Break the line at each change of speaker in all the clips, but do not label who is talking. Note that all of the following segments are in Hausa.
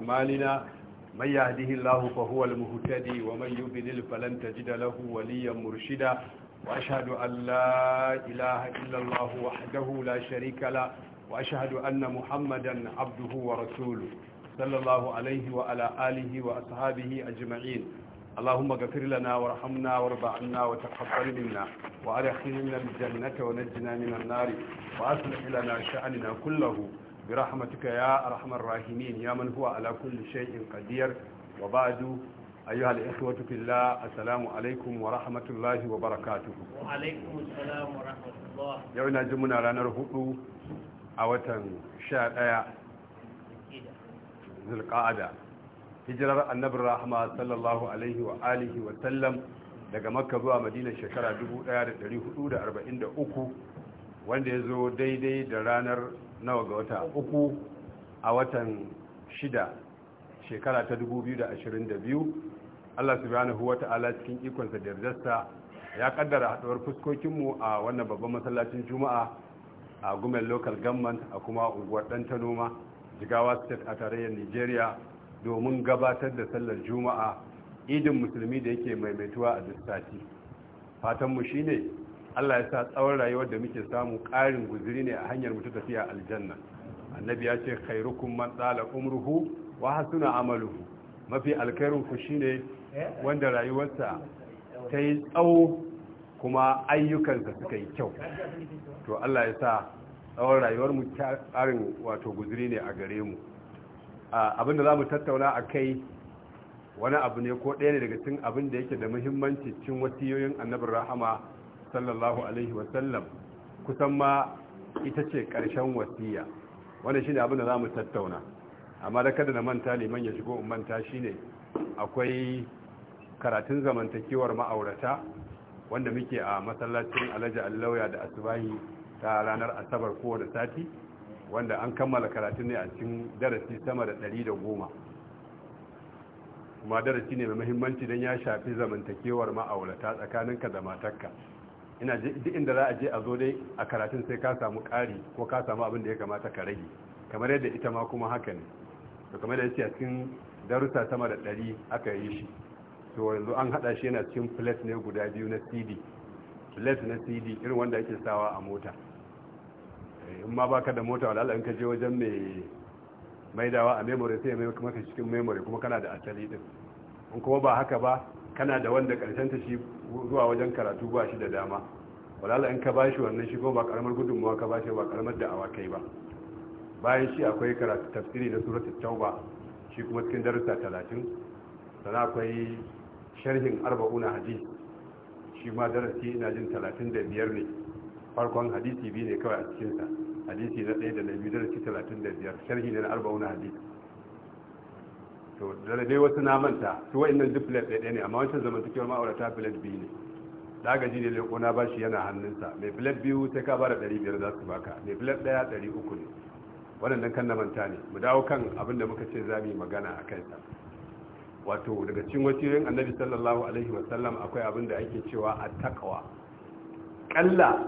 أعمالنا من يهده الله فهو المهتدي ومن يضلل فلن تجد له وليا مرشدا وأشهد أن لا إله إلا الله وحده لا شريك له وأشهد أن محمدا عبده ورسوله صلى الله عليه وعلى آله وأصحابه أجمعين اللهم اغفر لنا وارحمنا وارض عنا وتقبل منا وادخلنا الجنة ونجنا من النار وأصلح لنا شأننا كله برحمتك يا أرحم الراحمين يا من هو على كل شيء قدير وبعد أيها الإخوة في الله السلام عليكم ورحمة الله وبركاته وعليكم السلام ورحمة الله يونا جمنا لنا رهؤ أوتا شاد أيا ذي القاعدة hijirar annabin rahama sallallahu alaihi wa alihi wa sallam daga makka zuwa madina shekara 1443 wanda ya zo daidai da ranar nawa ga wata uku a watan shida shekara ta 2022 Allah subhanahu wa ta'ala cikin ikonsa da yardarsa ya kaddara haduwar fuskokinmu a wannan babban masallacin juma'a a gumen local government a kuma unguwar dan ta noma jigawa state a tarayyar nigeria domin gabatar da sallar juma'a idin musulmi da yake maimaituwa a duk sati fatanmu shine Allah ya sa tsawon rayuwar da muke samu ƙarin guziri ne a hanyar mutu tafiya aljanna annabi ya ce khairukum man tsala umruhu wa hasuna amaluhu mafi alkhairun ku shine wanda rayuwarsa ta yi tsawo kuma ayyukansa suka yi kyau to Allah ya sa tsawon rayuwar mu ƙarin wato guziri ne a gare mu abin da za mu tattauna a kai wani abu ne ko ɗaya ne daga cikin abin da yake da muhimmanci cikin wasiyoyin annabin rahama sallallahu alaihi wasallam kusan ma ita ce ƙarshen wasiya wanda shine abin da za mu tattauna amma da kada na manta liman ya shigo manta shine akwai karatun zamantakewar ma'aurata wanda muke a masallacin alhaji allauya da asubahi ta ranar asabar kowane sati wanda an kammala karatun ne a cikin darasi sama da ɗari da goma kuma darasi ne mai muhimmanci don ya shafi zamantakewar ma'aurata tsakaninka da matarka ina duk inda za a je a zo dai a karatun sai ka samu ƙari ko ka samu abin da ya kamata ka rage kamar yadda ita ma kuma haka ne to kamar da yace a cikin darussa sama da ɗari aka yi shi to yanzu an haɗa shi yana cikin plate ne guda biyu na cd plate na cd irin wanda ake sawa a mota eh, in ma baka da mota wala in ka je wajen mai maidawa a memory sai mai cikin memory kuma kana da asali din in kuma ba haka ba kana da wanda karshen ta shi zuwa wajen karatu ba shi da dama walala in ka bashi wannan shigo ba karamar gudunmuwa ka bashi ba karamar da'awa kai ba bayan shi akwai karatu tafsiri na suratul tauba shi kuma cikin darussa talatin sannan akwai sharhin arba'una hadis shi ma darasi ina jin talatin da biyar ne farkon hadisi biyu ne kawai a cikinsa hadisi na ɗaya da na biyu darasi talatin da biyar sharhi ne na arba'una hadis to da dai wasu na manta su wa'annan duk plate ɗaya ne amma wancan zamantakewar ma'aurata plate biyu ne da gaji ne leko na bashi yana hannunsa mai plate biyu sai ka bara ɗari biyar za su baka mai plate ɗaya ɗari uku ne waɗannan kan na manta ne mu dawo kan abin da muka ce za mu yi magana a kansa wato daga cikin wasiyoyin annabi sallallahu alaihi wasallam akwai abin da ake cewa a takawa kalla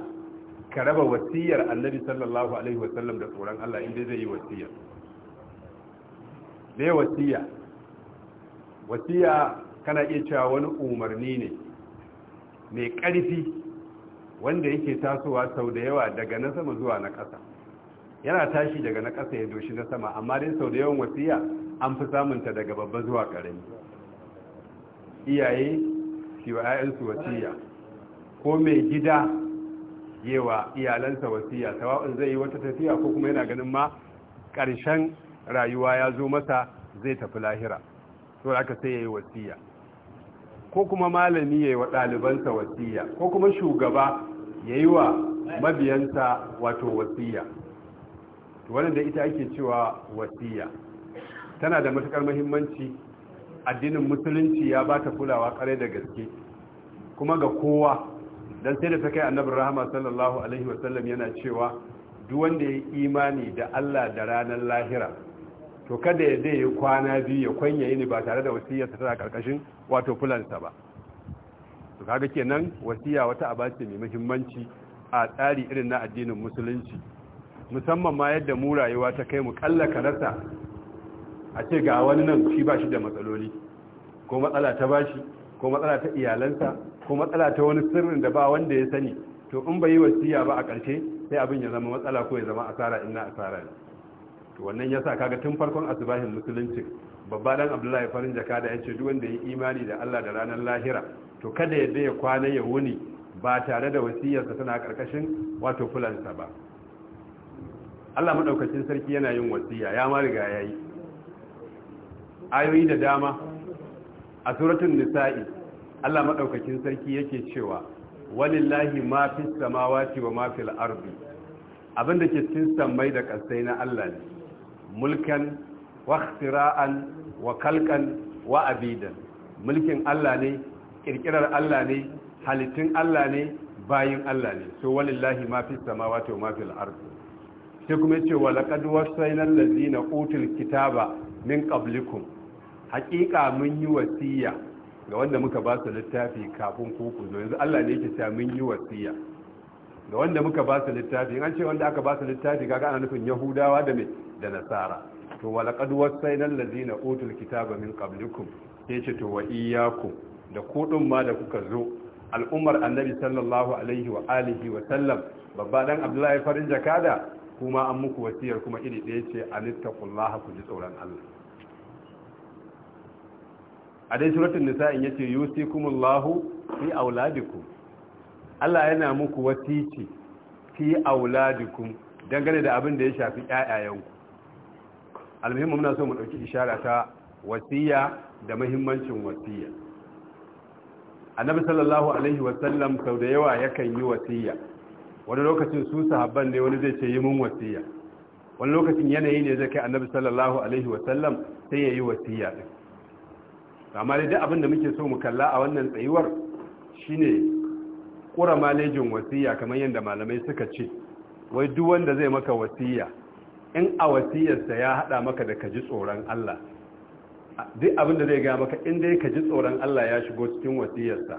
ka raba wasiyar annabi sallallahu alaihi wasallam da tsoron Allah inda zai yi wasiyar ne wasiya wasiya kana iya cewa wani umarni ne mai ƙarfi wanda yake tasowa sau da yawa daga na sama zuwa na ƙasa yana tashi daga na ƙasa ya doshi na sama amma dai sau da yawan wasiya an fi samunta daga babba zuwa ƙarami iyaye shiwa 'ya'yansu wasiya ko mai gida yewa iyalansa wasiya tawa'un zai yi wata tafiya ko kuma yana ganin ma ƙarshen rayuwa ya zo masa zai tafi lahira to aka sai yayi wasiya ko kuma malami yayi wa dalibansa wasiya ko kuma shugaba yayi wa mabiyansa wato wasiya to wannan ita ake cewa wasiya tana da matukar muhimmanci addinin musulunci ya ba ta kulawa kare da gaske kuma ga kowa dan sai da ta kai annabin rahama sallallahu alaihi wasallam yana cewa duk wanda ya imani da Allah da ranar lahira to kada ya zai yi kwana biyu ya kwanya yi ni ba tare da wasiyarsa tara karkashin wato fulansa ba to kaga kenan wasiya wata aba ce mai muhimmanci a tsari irin na addinin musulunci musamman ma yadda mu rayuwa ta kai mu kalla karasa a ce ga wani nan shi ba shi da matsaloli ko matsala ta bashi ko matsala ta iyalansa ko matsala ta wani sirrin da ba wanda ya sani to in bai yi wasiya ba a ƙarshe sai abin ya zama matsala ko ya zama asara in na asara ne to wannan yasa kaga tun farkon asibahin musulunci babba dan abdullahi farin jaka da ce duk wanda ya imani da Allah da ranar lahira to kada ya ya kwana ya wuni ba tare da wasiyarsa tana karkashin wato fulansa ba Allah madaukakin sarki yana yin wasiya ya ma riga yayi ayoyi da dama a suratul nisa'i Allah maɗaukacin sarki yake cewa walillahi ma fis samawati wa ma fil ardi abinda ke cikin sammai da kasai na Allah ne mulkan wa ikhtira'an wa kalkan wa abidan mulkin Allah ne kirkirar Allah ne halittun Allah ne bayin Allah ne so walillahi ma fi samawati wa ma fil ardi sai kuma yace wa laqad wasayna allazina utul kitaba min qablikum haƙiƙa mun yi wasiya ga wanda muka ba su littafi kafin ku ku zo yanzu Allah ne yake cewa mun yi wasiya ga wanda muka ba su littafi an ce wanda aka ba su littafi kaga ana nufin yahudawa da me da nasara to walaqad wasaina allazina utul kitaba min qablikum sai ce to wa iyyakum da ku ma da kuka zo al'ummar annabi sallallahu alaihi wa alihi wa sallam babba dan abdullahi farin jakada kuma an muku wasiyar kuma iri ɗaya ce anittaqullaha ku ji tsoron Allah a dai suratul nisa in yace yusikumullahu fi auladikum Allah yana muku wasici fi auladikum dangane da abin da ya shafi ƴaƴayenku almuhimmin muna so mu dauki ishara ta wasiya da muhimmancin wasiya annabi sallallahu alaihi wasallam sau da yawa yakan yi wasiya wani lokacin su sahabban ne wani zai ce yi mun wasiya wani lokacin yanayi ne zai kai annabi sallallahu alaihi wasallam sai ya yi wasiya din amma dai duk abin da muke so mu kalla a wannan tsayuwar shine kura malejin wasiya kamar yadda malamai suka ce wai duk wanda zai maka wasiya in a wasiyarsa ya hada maka da kaji tsoron Allah duk abin da zai ga maka in dai kaji tsoron Allah ya shigo cikin wasiyarsa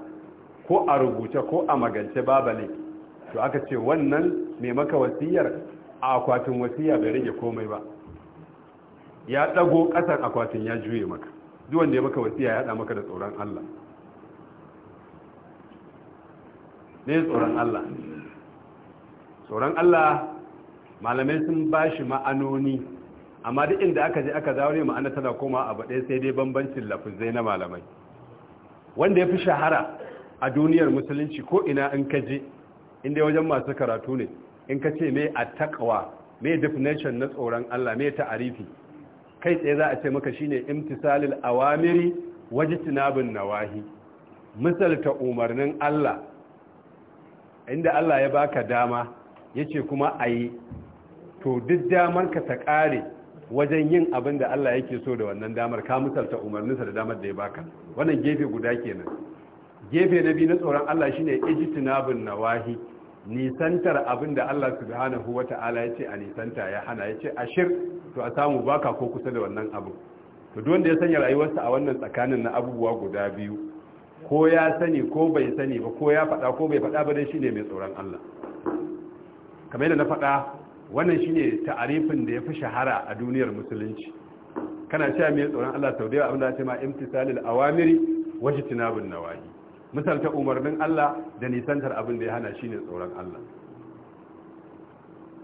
ko a rubuce ko a magance babale to aka ce wannan mai maka wasiyar a akwatin wasiya bai rage komai ba ya dago ƙasar akwatin ya juye maka duk wanda ya maka wasiya ya hada maka da tsoron Allah ne tsoron Allah tsoron Allah malamai sun ba shi ma'anoni amma duk inda aka je aka zaure ma'ana tana koma a baɗe sai dai bambancin lafizai na malamai wanda ya fi shahara a duniyar musulunci ko ina in ka je inda wajen masu karatu ne in ka ce mai a takawa mai definition na tsoron Allah mai ta'arifi kai tsaye za a ce maka shine imtisalil awamiri wajitinabin nawahi misalta umarnin Allah inda Allah ya baka dama ya ce kuma a yi. to duk damar ka ta ƙare wajen yin abin da Allah yake so da wannan damar ka misalta umarninsa da damar da ya baka wannan gefe guda kenan gefe na biyu na tsoron Allah shine ijtinabun nawahi nisantar abin da Allah subhanahu wata'ala ya ce a nisanta ya hana ya ce ashir to a samu baka ko kusa da wannan abu to duk wanda ya sanya rayuwarsa a wannan tsakanin na abubuwa guda biyu ko ya sani ko bai sani ba ko ya faɗa ko bai faɗa ba dai shine mai tsoron Allah kamar yadda na faɗa wannan shine ta'arifin da ya fi shahara a duniyar musulunci kana cewa mai tsoron Allah sau da yawa abinda ake ma imtisalil awamiri waje tunabin nawahi misalta umarnin Allah da nisantar abin da ya hana shine tsoron Allah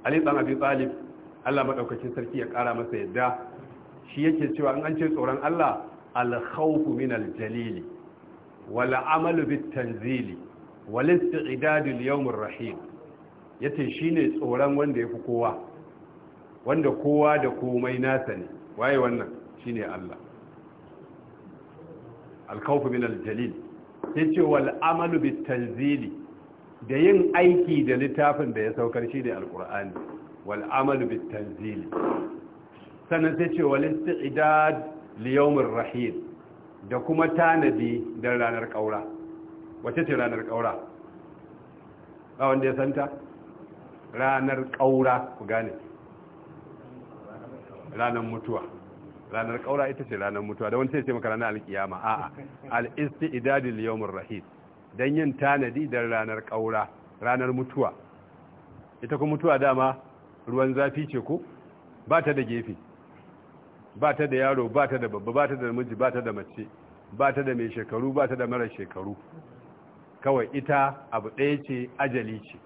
Ali dan Abi Talib Allah madaukakin sarki ya kara masa yadda shi yake cewa in an ce tsoron Allah al khawfu min al jalili wal amalu bit tanzili wal isti'dadu li yawmir rahim yace shine tsoron wanda yafi kowa wanda kowa da komai nasa ne waye wannan shine Allah al-khawf min al-jalil yace wal amalu bit tanzili da yin aiki da littafin da ya saukar shi ne alkur'ani wal amalu bit tanzili sannan sai ce wal isti'dad li yawmir rahim da kuma tanadi don ranar ƙaura wace ce ranar ƙaura ba wanda ya santa ranar ƙaura ku gane ranar mutuwa ranar ƙaura ita ce ranar mutuwa da wani sai ce maka ranar alkiyama a'a al'isti idadil yawmur rahid don yin tanadi don ranar ƙaura ranar mutuwa ita kuma mutuwa dama ruwan zafi ce ku ba ta da gefe ba ta da yaro ba ta da babba ba ta da namiji ba ta da mace ba ta da mai shekaru ba ta da mara shekaru kawai ita abu ɗaya ce ajali ce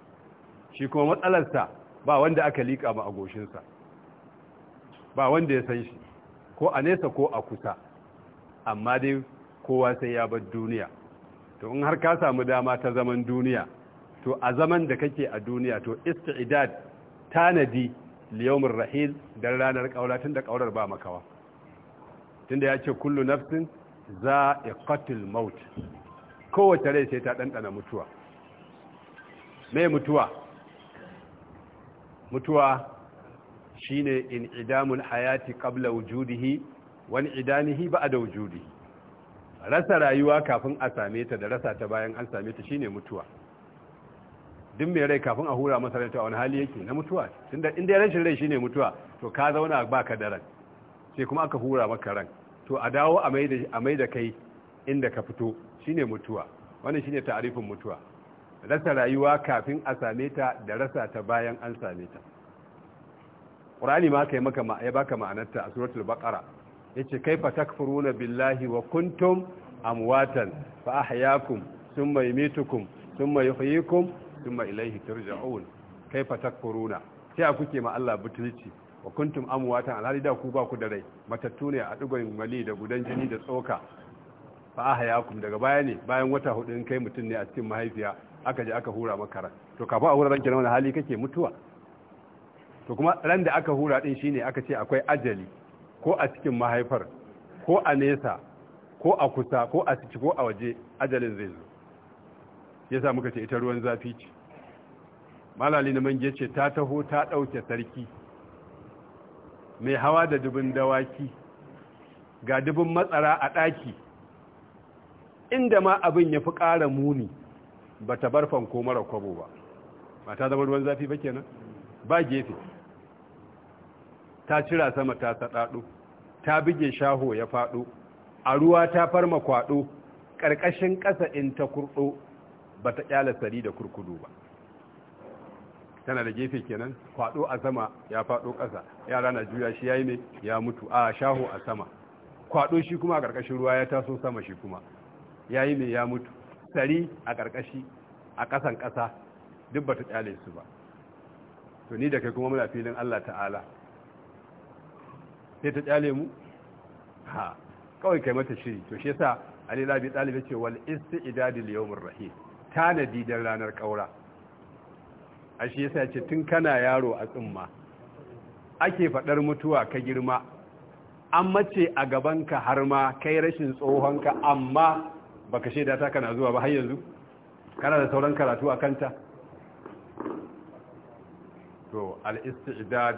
shi kuma matsalarsa ba wanda aka liƙa ma agoshinsa ba wanda ya san shi ko a nesa ko a kusa amma dai kowa sai ya bar duniya to in har ka samu dama ta zaman duniya to a zaman da kake a duniya to istidad tanadi liyawmin rahil dan ranar ƙaura tun da ƙaurar ba makawa tun da ya ce kullu nafsin za a qatil maut kowace rai sai ta ɗanɗana mutuwa mai mutuwa mutuwa shine in idamun hayati qabla wujudihi wani idanihi ba a da wujudihi rasa rayuwa kafin a same ta da rasa ta bayan an same ta shine mutuwa duk mai rai kafin a hura masa rai to a wani hali yake na mutuwa inda in dai rashin rai shine mutuwa to ka zauna ba ka da ran sai kuma aka hura maka ran to a dawo a mai da a mai kai inda ka fito shine mutuwa wannan shine ta'arifin mutuwa rasa rayuwa kafin a same ta da rasa ta bayan an same ta qur'ani ma kai maka ya baka ta a suratul baqara yace kaifa takfuruna billahi wa kuntum amwatan fa ahyaakum thumma yumitukum thumma yuhyikum thumma ilayhi turja'un kaifa takfuruna sai kuke ma Allah butulci wa kuntum amwatan alhali da ku ba ku da rai matattu ne a dugoyin mali da gudan jini da tsoka fa ahyaakum daga baya ne bayan wata hudu kai mutun ne a cikin mahaifiya aka je aka hura maka ran to kafin a hura wuraren kenan hali kake mutuwa to kuma ran da aka hura din shine aka ce akwai ajali ko a cikin mahaifar ko a nesa ko a kusa ko a ciki ko a waje ajalin zai zo yasa muka ce ita ruwan zafi ce malali na mange ce ta taho ta ɗauke sarki mai hawa da dubin dawaki ga dubin matsara a ɗaki inda ma abin ya fi ƙara muni ba ta bar fanko mara kwabo ba ba ta zama ruwan zafi ba kenan ba gefe ta cira sama ta saɗaɗo ta bige shaho ya faɗo a ruwa ta farma kwaɗo ƙarƙashin ƙasa in ta kurɗo ba ta kyala sari da kurkudu ba tana da gefe kenan fado a sama ya fado ƙasa yara na juya shi yayi ne ya mutu a shaho a sama kwado shi kuma a ƙarƙashin ruwa ya taso sama shi kuma yayi ne ya mutu sari a ƙarƙashi a ƙasan ƙasa duk ba ta kyale su ba to ni da kai kuma muna filin Allah ta'ala sai ta kyale mu ha kawai kai mata shiri to shi yasa Ali Labi Talib ce wal isti'dad lil yawmir rahim tanadi don ranar ƙaura a shi yasa ce tun kana yaro a tsumma ake faɗar mutuwa ka girma an mace a gabanka har ma kai rashin tsohonka amma baka shaida ta kana zuwa ba har yanzu kana da sauran karatu a kanta to al-istidad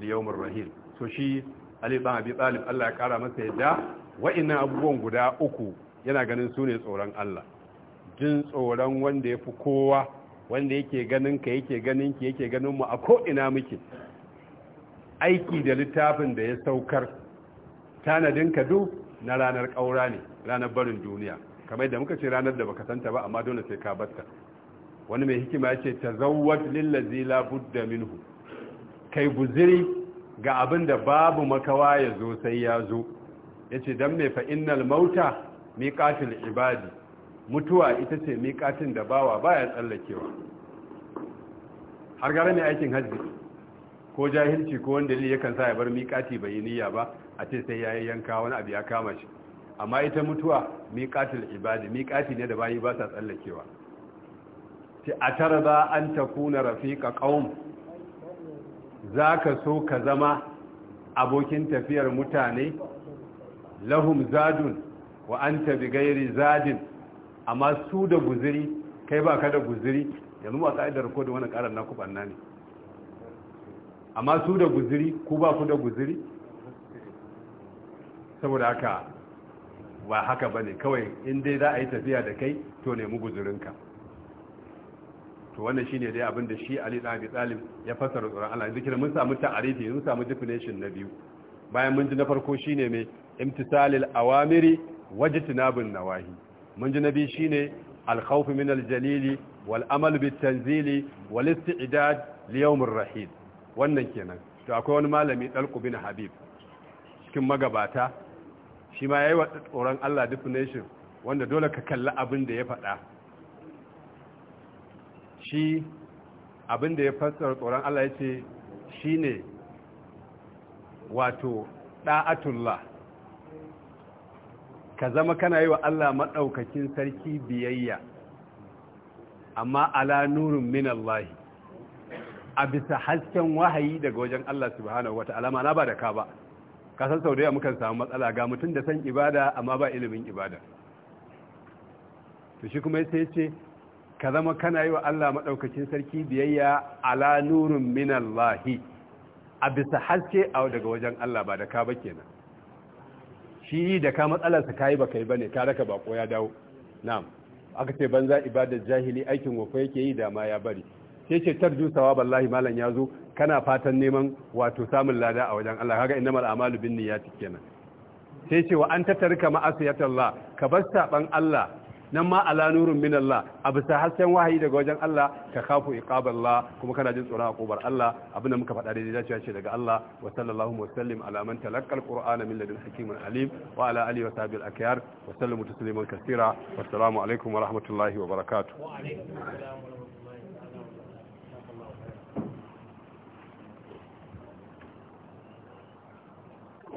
li yawm ar-rahil to shi Ali ibn Abi Talib Allah ya kara masa yadda wa'annan abubuwan guda uku yana ganin sune tsoron Allah jin tsoron wanda ya fi kowa wanda yake ganin ka yake ganin ki yake ganin mu a ko'ina muke aiki da littafin da ya saukar tanadin ka duk na ranar ƙaura ne ranar barin duniya kamar da muka ce ranar da baka santa ba amma dole sai ka batta wani mai hikima ya ce zawar lillazi zila budda minhu kai buziri ga abin da babu makawa ya zo sai ya zo ya ce don mai fa'inal mauta miƙatul ibadi mutuwa ita ce miƙatin da bawa baya tsallakewa har gara mai aikin hajji ko jahilci ko wanda ne yakan sa ya bar miƙati bai yi niyya ba a ce sai ya yi yanka wani abu ya kama shi amma ita mutuwa miƙatin ibadi miƙati ne da bayi ba sa tsallakewa tara ba an takuna rafiqa za zaka so ka zama abokin tafiyar mutane lahum zadun wa an anta gairi zadin amma su da guziri kai ba ka da guziri yanzu ba ka'idar ko da wani karar na na ne amma su da guziri ku ba ku da guziri saboda haka ba haka ba ne kawai inda za a yi tafiya da kai to nemi guzirinka to wannan shi ne dai abinda shi ali ɗan abi ya fasara tsoron allah zikira mun samu ta'arifi mun samu definition na biyu bayan mun ji na farko shi ne mai imtisalil awamiri wajitinabin nawahi mun ji shi shine alkaufi min aljalili wal amal bit tanzili wal isti'dad li yawm rahid wannan kenan to akwai wani malami ɗalku bin habib cikin magabata shi ma yi wa tsoron Allah definition wanda dole ka kalli abin da ya faɗa shi abin da ya fassara tsoron Allah ya ce shi ne wato ɗa'atullah ka zama kana yi wa Allah maɗaukakin sarki biyayya amma ala nurin min Allah a bisa hasken wahayi daga wajen Allah subhanahu wa ta'ala ma na ba da ka ba ka san sau da yawa mukan samu matsala ga mutum da san ibada amma ba ilimin ibada to shi kuma sai ce ka zama kana yi wa Allah maɗaukakin sarki biyayya ala nurin min Allah a bisa haske a daga wajen Allah ba da ka ba kenan shi da ka matsalarsa yi ba kai ne ka raka bako ya dawo na'am aka ce banza ibadar jahili aikin wafa yake yi da ma ya bari sai ce tarju ballahi malam ya zo kana fatan neman wato samun lada a wajen Allah kaga innamal a'malu binniyati kenan sai ce wa an ya talla ka bar saban Allah nan ma ala nurun min Allah a bisa hasken wahayi daga wajen Allah ka kafu iqaballah kuma kana jin tsoron akobar Allah abinda muka faɗa da dace ce daga Allah wa sallallahu wa sallim ala man talaqqa alqur'ana min ladun hakimin alim wa ala alihi wa sahbihi alakyar wa sallimu tasliman kaseera wassalamu alaikum wa rahmatullahi wa barakatuh